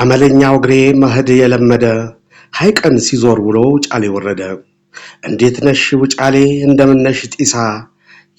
አመለኛው እግሬ መሄድ የለመደ ሐይቀን ሲዞር ውሎ ጫሌ ወረደ። እንዴት ነሽ ውጫሌ እንደምነሽ ጢሳ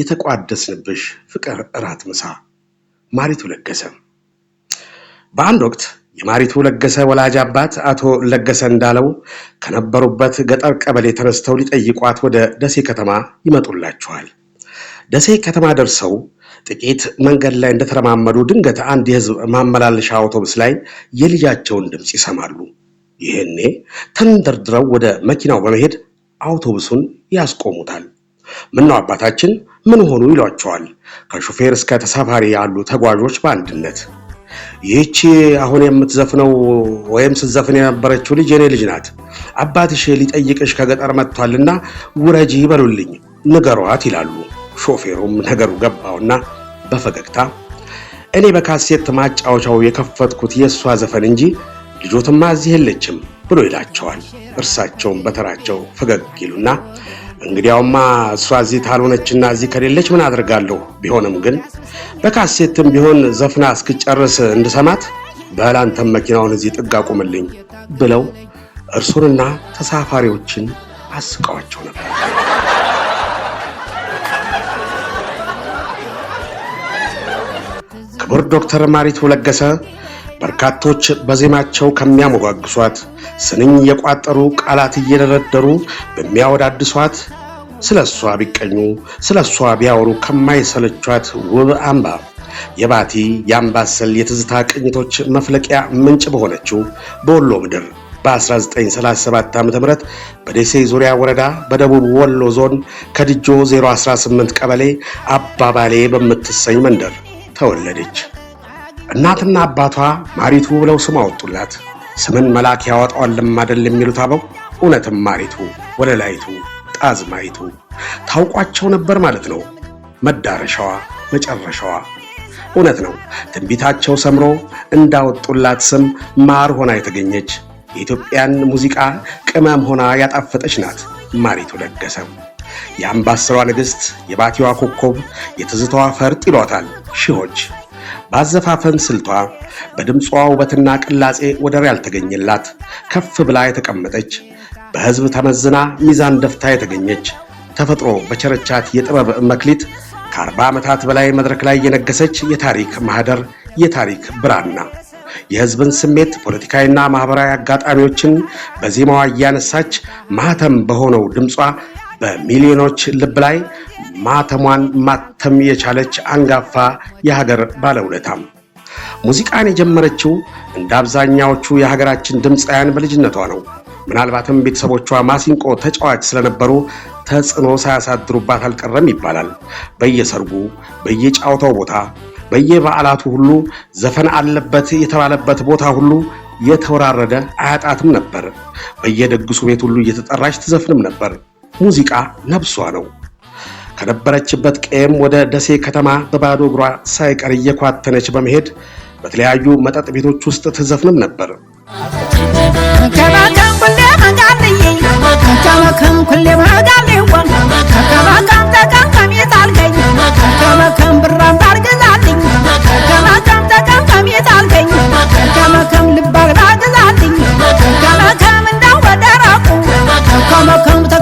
የተቋደስንብሽ ፍቅር እራት ምሳ። ማሪቱ ለገሰ። በአንድ ወቅት የማሪቱ ለገሰ ወላጅ አባት አቶ ለገሰ እንዳለው ከነበሩበት ገጠር ቀበሌ ተነስተው ሊጠይቋት ወደ ደሴ ከተማ ይመጡላቸዋል። ደሴ ከተማ ደርሰው ጥቂት መንገድ ላይ እንደተረማመዱ ድንገት አንድ የህዝብ ማመላለሻ አውቶቡስ ላይ የልጃቸውን ድምፅ ይሰማሉ። ይህኔ ተንደርድረው ወደ መኪናው በመሄድ አውቶቡሱን ያስቆሙታል። ምነው አባታችን ምን ሆኑ ይሏቸዋል። ከሹፌር እስከ ተሳፋሪ ያሉ ተጓዦች በአንድነት ይህቺ አሁን የምትዘፍነው ወይም ስትዘፍን የነበረችው ልጅ የኔ ልጅ ናት። አባትሽ ሊጠይቅሽ ከገጠር መጥቷልና ውረጂ ይበሉልኝ ንገሯት ይላሉ። ሾፌሩም ነገሩ ገባውና በፈገግታ እኔ በካሴት ማጫወቻው የከፈትኩት የእሷ ዘፈን እንጂ ልጆትማ እዚህ የለችም ብሎ ይላቸዋል። እርሳቸውም በተራቸው ፈገግ ይሉና እንግዲያውማ እሷ እዚህ ታልሆነችና እዚህ ከሌለች ምን አድርጋለሁ? ቢሆንም ግን በካሴትም ቢሆን ዘፍና እስክጨርስ እንድሰማት በላንተም መኪናውን እዚህ ጥግ አቁምልኝ ብለው እርሱንና ተሳፋሪዎችን አስቀዋቸው ነበር። ክብር ዶክተር ማሪቱ ለገሰ በርካቶች በዜማቸው ከሚያሞጋግሷት ስንኝ የቋጠሩ ቃላት እየደረደሩ በሚያወዳድሷት ስለ እሷ ቢቀኙ ስለ እሷ ቢያወሩ ከማይሰለቿት ውብ አምባ የባቲ የአምባሰል የትዝታ ቅኝቶች መፍለቂያ ምንጭ በሆነችው በወሎ ምድር በ1937 ዓ.ም በደሴ ዙሪያ ወረዳ በደቡብ ወሎ ዞን ከድጆ 018 ቀበሌ አባባሌ በምትሰኝ መንደር ተወለደች። እናትና አባቷ ማሪቱ ብለው ስም አወጡላት። ስምን መልአክ ያወጣዋልም አይደል የሚሉት አበው እውነትም ማሪቱ፣ ወለላይቱ፣ ጣዝማይቱ ታውቋቸው ነበር ማለት ነው። መዳረሻዋ መጨረሻዋ እውነት ነው። ትንቢታቸው ሰምሮ እንዳወጡላት ስም ማር ሆና የተገኘች የኢትዮጵያን ሙዚቃ ቅመም ሆና ያጣፈጠች ናት ማሪቱ ለገሰ። የአምባሰሏ ንግሥት፣ የባቲዋ ኮከብ፣ የትዝታዋ ፈርጥ ይሏታል ሺዎች። ባዘፋፈን ስልቷ በድምጿ ውበትና ቅላጼ ወደር ያልተገኘላት ከፍ ብላ የተቀመጠች በሕዝብ ተመዝና ሚዛን ደፍታ የተገኘች ተፈጥሮ በቸረቻት የጥበብ መክሊት ከአርባ ዓመታት በላይ መድረክ ላይ የነገሰች የታሪክ ማህደር፣ የታሪክ ብራና የሕዝብን ስሜት ፖለቲካዊና ማኅበራዊ አጋጣሚዎችን በዜማዋ እያነሳች ማኅተም በሆነው ድምጿ በሚሊዮኖች ልብ ላይ ማተሟን ማተም የቻለች አንጋፋ የሀገር ባለውለታም ሙዚቃን የጀመረችው እንደ አብዛኛዎቹ የሀገራችን ድምፃውያን በልጅነቷ ነው። ምናልባትም ቤተሰቦቿ ማሲንቆ ተጫዋች ስለነበሩ ተጽዕኖ ሳያሳድሩባት አልቀረም ይባላል። በየሰርጉ፣ በየጫወታው ቦታ፣ በየበዓላቱ ሁሉ ዘፈን አለበት የተባለበት ቦታ ሁሉ የተወራረደ አያጣትም ነበር። በየደግሱ ቤት ሁሉ እየተጠራች ትዘፍንም ነበር። ሙዚቃ ነብሷ ነው። ከነበረችበት ቀየም ወደ ደሴ ከተማ በባዶ እግሯ ሳይቀር እየኳተነች በመሄድ በተለያዩ መጠጥ ቤቶች ውስጥ ትዘፍንም ነበር።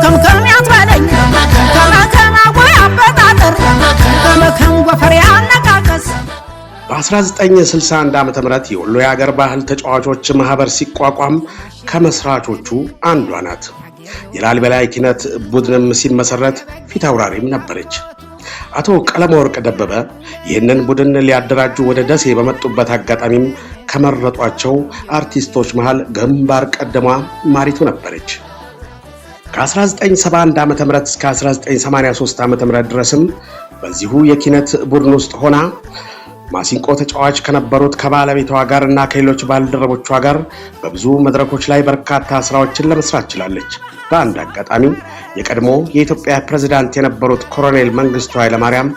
በ በ1961 ዓ ም የወሎ የአገር ባህል ተጫዋቾች ማህበር ሲቋቋም ከመስራቾቹ አንዷ ናት። የላሊበላ ኪነት ቡድንም ሲመሰረት ፊት አውራሪም ነበረች። አቶ ቀለመ ወርቅ ደበበ ይህንን ቡድን ሊያደራጁ ወደ ደሴ በመጡበት አጋጣሚም ከመረጧቸው አርቲስቶች መሃል ግንባር ቀደሟ ማሪቱ ነበረች። ከ1971 ዓ ም እስከ 1983 ዓ ም ድረስም በዚሁ የኪነት ቡድን ውስጥ ሆና ማሲንቆ ተጫዋች ከነበሩት ከባለቤቷ ጋር እና ከሌሎች ባልደረቦቿ ጋር በብዙ መድረኮች ላይ በርካታ ስራዎችን ለመስራት ችላለች። በአንድ አጋጣሚ የቀድሞ የኢትዮጵያ ፕሬዝዳንት የነበሩት ኮሎኔል መንግስቱ ኃይለማርያም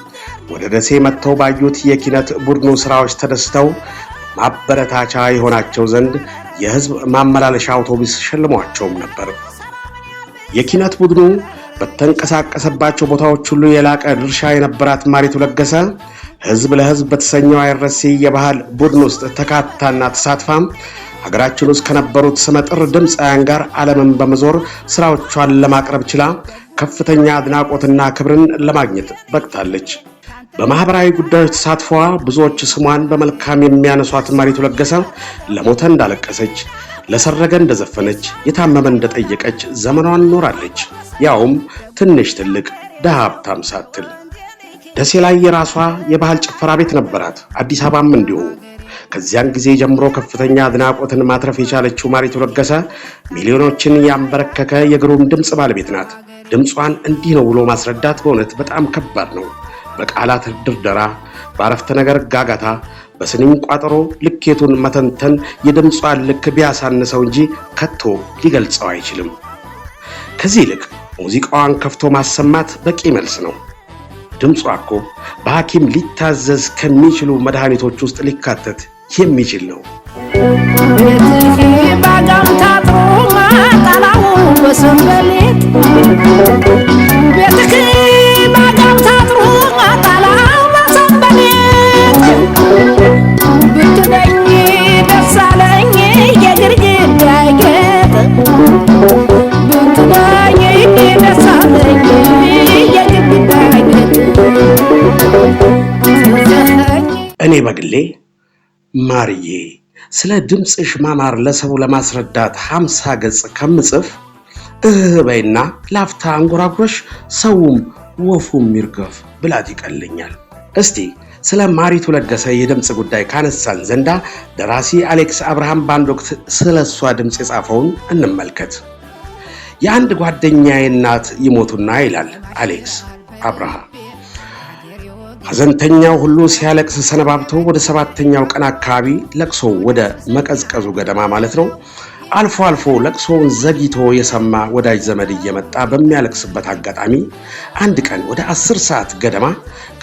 ወደ ደሴ መጥተው ባዩት የኪነት ቡድኑ ስራዎች ተደስተው ማበረታቻ የሆናቸው ዘንድ የህዝብ ማመላለሻ አውቶቡስ ሸልሟቸውም ነበር። የኪነት ቡድኑ በተንቀሳቀሰባቸው ቦታዎች ሁሉ የላቀ ድርሻ የነበራት ማሪቱ ለገሰ ህዝብ ለህዝብ በተሰኘው አይረሴ የባህል ቡድን ውስጥ ተካታና ተሳትፋም ሀገራችን ውስጥ ከነበሩት ስመጥር ድምፃውያን ጋር ዓለምን በመዞር ስራዎቿን ለማቅረብ ችላ ከፍተኛ አድናቆትና ክብርን ለማግኘት በቅታለች። በማህበራዊ ጉዳዮች ተሳትፏ ብዙዎች ስሟን በመልካም የሚያነሷት ማሪቱ ለገሰ ለሞተ እንዳለቀሰች፣ ለሰረገ እንደዘፈነች፣ የታመመ እንደጠየቀች ዘመኗን ኖራለች። ያውም ትንሽ ትልቅ ደሃ ሀብታም ሳትል። ደሴ ላይ የራሷ የባህል ጭፈራ ቤት ነበራት፣ አዲስ አበባም እንዲሁ። ከዚያን ጊዜ ጀምሮ ከፍተኛ አድናቆትን ማትረፍ የቻለችው ማሪቱ ለገሰ ሚሊዮኖችን ያንበረከከ የግሩም ድምፅ ባለቤት ናት። ድምጿን እንዲህ ነው ብሎ ማስረዳት በእውነት በጣም ከባድ ነው። በቃላት ድርደራ፣ በአረፍተ ነገር ጋጋታ፣ በስንኝ ቋጠሮ ልኬቱን መተንተን የድምጿን ልክ ቢያሳንሰው እንጂ ከቶ ሊገልጸው አይችልም። ከዚህ ይልቅ ሙዚቃዋን ከፍቶ ማሰማት በቂ መልስ ነው። ድምጿ እኮ በሐኪም ሊታዘዝ ከሚችሉ መድኃኒቶች ውስጥ ሊካተት የሚችል ነው። ቤትህ ሽማግሌ ማርዬ፣ ስለ ድምፅሽ ማማር ለሰው ለማስረዳት ሀምሳ ገጽ ከምጽፍ እህ ላፍታ አንጎራጉረሽ ሰውም ወፉም ይርገፍ ብላት ይቀልኛል። እስቲ ስለ ማሪቱ ለገሰ የድምፅ ጉዳይ ካነሳን ዘንዳ ደራሲ አሌክስ አብርሃም በአንድ ወቅት ስለ እሷ ድምፅ የጻፈውን እንመልከት። የአንድ ጓደኛዬ እናት ይሞቱና ይላል አሌክስ አብርሃም ሐዘንተኛው ሁሉ ሲያለቅስ ሰነባብቶ ወደ ሰባተኛው ቀን አካባቢ ለቅሶ ወደ መቀዝቀዙ ገደማ ማለት ነው አልፎ አልፎ ለቅሶውን ዘግይቶ የሰማ ወዳጅ ዘመድ እየመጣ በሚያለቅስበት አጋጣሚ አንድ ቀን ወደ አስር ሰዓት ገደማ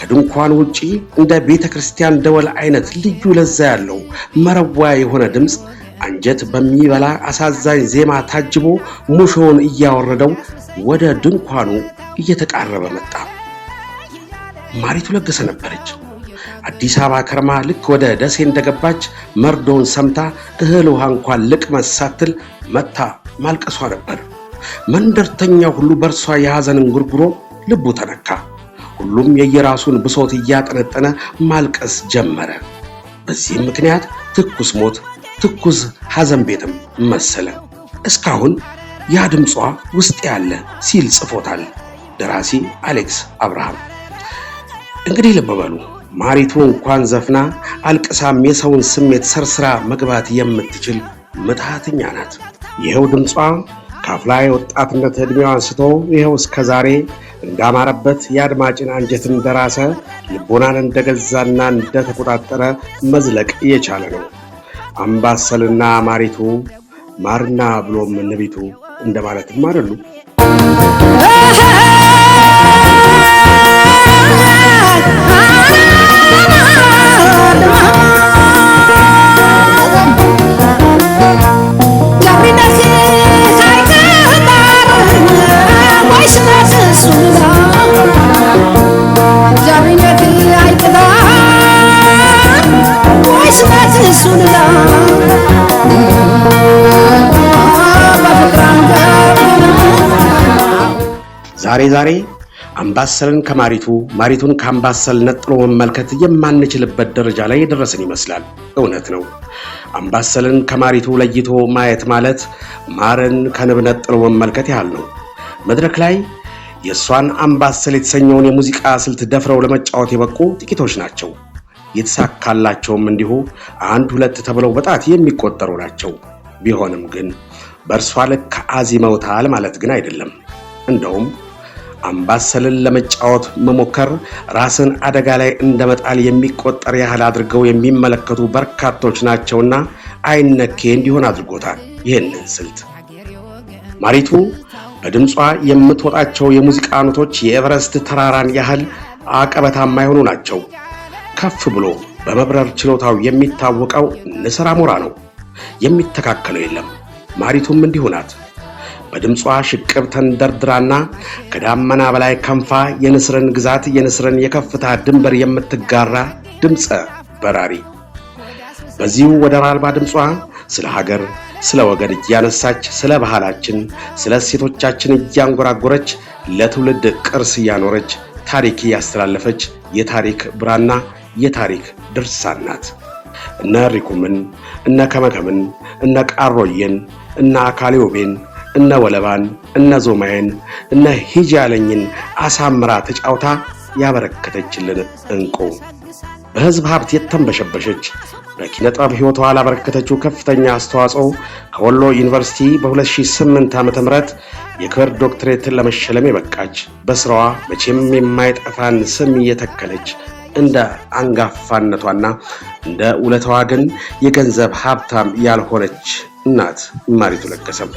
ከድንኳን ውጪ እንደ ቤተ ክርስቲያን ደወል አይነት ልዩ ለዛ ያለው መረዋ የሆነ ድምፅ አንጀት በሚበላ አሳዛኝ ዜማ ታጅቦ ሙሾውን እያወረደው ወደ ድንኳኑ እየተቃረበ መጣ። ማሪቱ ለገሰ ነበረች። አዲስ አበባ ከርማ ልክ ወደ ደሴ እንደገባች መርዶውን ሰምታ እህል ውሃ እንኳን ልቅመስ ሳትል መታ ማልቀሷ ነበር። መንደርተኛው ሁሉ በእርሷ የሐዘን እንጉርጉሮ ልቡ ተነካ። ሁሉም የየራሱን ብሶት እያጠነጠነ ማልቀስ ጀመረ። በዚህም ምክንያት ትኩስ ሞት፣ ትኩስ ሐዘን ቤትም መሰለ። እስካሁን ያ ድምጿ ውስጥ ያለ ሲል ጽፎታል ደራሲ አሌክስ አብርሃም። እንግዲህ ልብ በሉ ማሪቱ እንኳን ዘፍና አልቅሳም የሰውን ስሜት ሰርስራ መግባት የምትችል ምትሃተኛ ናት። ይኸው ድምጿ ካፍላ ወጣትነት ዕድሜዋ አንስቶ ይኸው እስከ ዛሬ እንዳማረበት የአድማጭን አንጀት እንደራሰ ልቦናን እንደገዛና እንደተቆጣጠረ መዝለቅ የቻለ ነው። አምባሰልና ማሪቱ ማርና ብሎም ንቢቱ እንደማለትም አይደሉ። ዛሬ ዛሬ አምባሰልን ከማሪቱ ማሪቱን ከአምባሰል ነጥሎ መመልከት የማንችልበት ደረጃ ላይ የደረስን ይመስላል። እውነት ነው። አምባሰልን ከማሪቱ ለይቶ ማየት ማለት ማርን ከንብ ነጥሎ መመልከት ያህል ነው። መድረክ ላይ የእሷን አምባሰል የተሰኘውን የሙዚቃ ስልት ደፍረው ለመጫወት የበቁ ጥቂቶች ናቸው። የተሳካላቸውም እንዲሁ አንድ ሁለት ተብለው በጣት የሚቆጠሩ ናቸው። ቢሆንም ግን በእርሷ ልክ አዚመውታል ማለት ግን አይደለም። እንደውም አምባሰልን ለመጫወት መሞከር ራስን አደጋ ላይ እንደመጣል የሚቆጠር ያህል አድርገው የሚመለከቱ በርካቶች ናቸውና አይነኬ እንዲሆን አድርጎታል። ይህንን ስልት ማሪቱ በድምጿ የምትወጣቸው የሙዚቃ ኖቶች የኤቨረስት ተራራን ያህል አቀበታማ የሆኑ ናቸው። ከፍ ብሎ በመብረር ችሎታው የሚታወቀው ንስር አሞራ ነው። የሚተካከለው የለም። ማሪቱም እንዲሁ ናት። በድምጿ ሽቅብ ተንደርድራና ከዳመና በላይ ከንፋ የንስርን ግዛት የንስርን የከፍታ ድንበር የምትጋራ ድምፀ በራሪ በዚሁ ወደር አልባ ድምጿ ስለ ሀገር፣ ስለ ወገን እያነሳች ስለ ባህላችን፣ ስለ ሴቶቻችን እያንጎራጎረች ለትውልድ ቅርስ እያኖረች ታሪክ እያስተላለፈች የታሪክ ብራና የታሪክ ድርሳን ናት። እነ ሪኩምን፣ እነ ከመከምን፣ እነ ቃሮዬን፣ እነ አካሌዮቤን እነ ወለባን እነ ዞማይን እነ ያለኝን አሳምራ ተጫውታ ያበረከተችልን እንቁ በህዝብ ሀብት የተንበሸበሸች በኪነ ጥበብ ሕይወቷ ላበረከተችው ከፍተኛ አስተዋጽኦ ከወሎ ዩኒቨርሲቲ በ2008 ዓ ም የክብር ዶክትሬትን ለመሸለም የበቃች በስራዋ መቼም የማይጠፋን ስም እየተከለች እንደ አንጋፋነቷና እንደ ውለታዋ ግን የገንዘብ ሀብታም ያልሆነች ናት ማሪቱ ለገሰም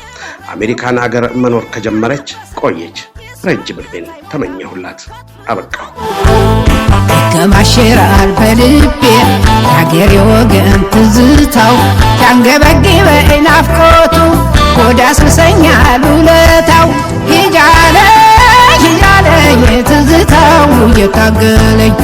አሜሪካን ሀገር መኖር ከጀመረች ቆየች። ረጅም ዕድሜን ተመኘሁላት። አበቃሁ። ከማሽራል በልቤ የሀገሬ ወገን ትዝታው ያንገበግበኝ ናፍቆቱ ጎዳ ስሰኛል ውለታው ሂጃለኝ ሂጃለኝ የትዝታው እየታገለኝ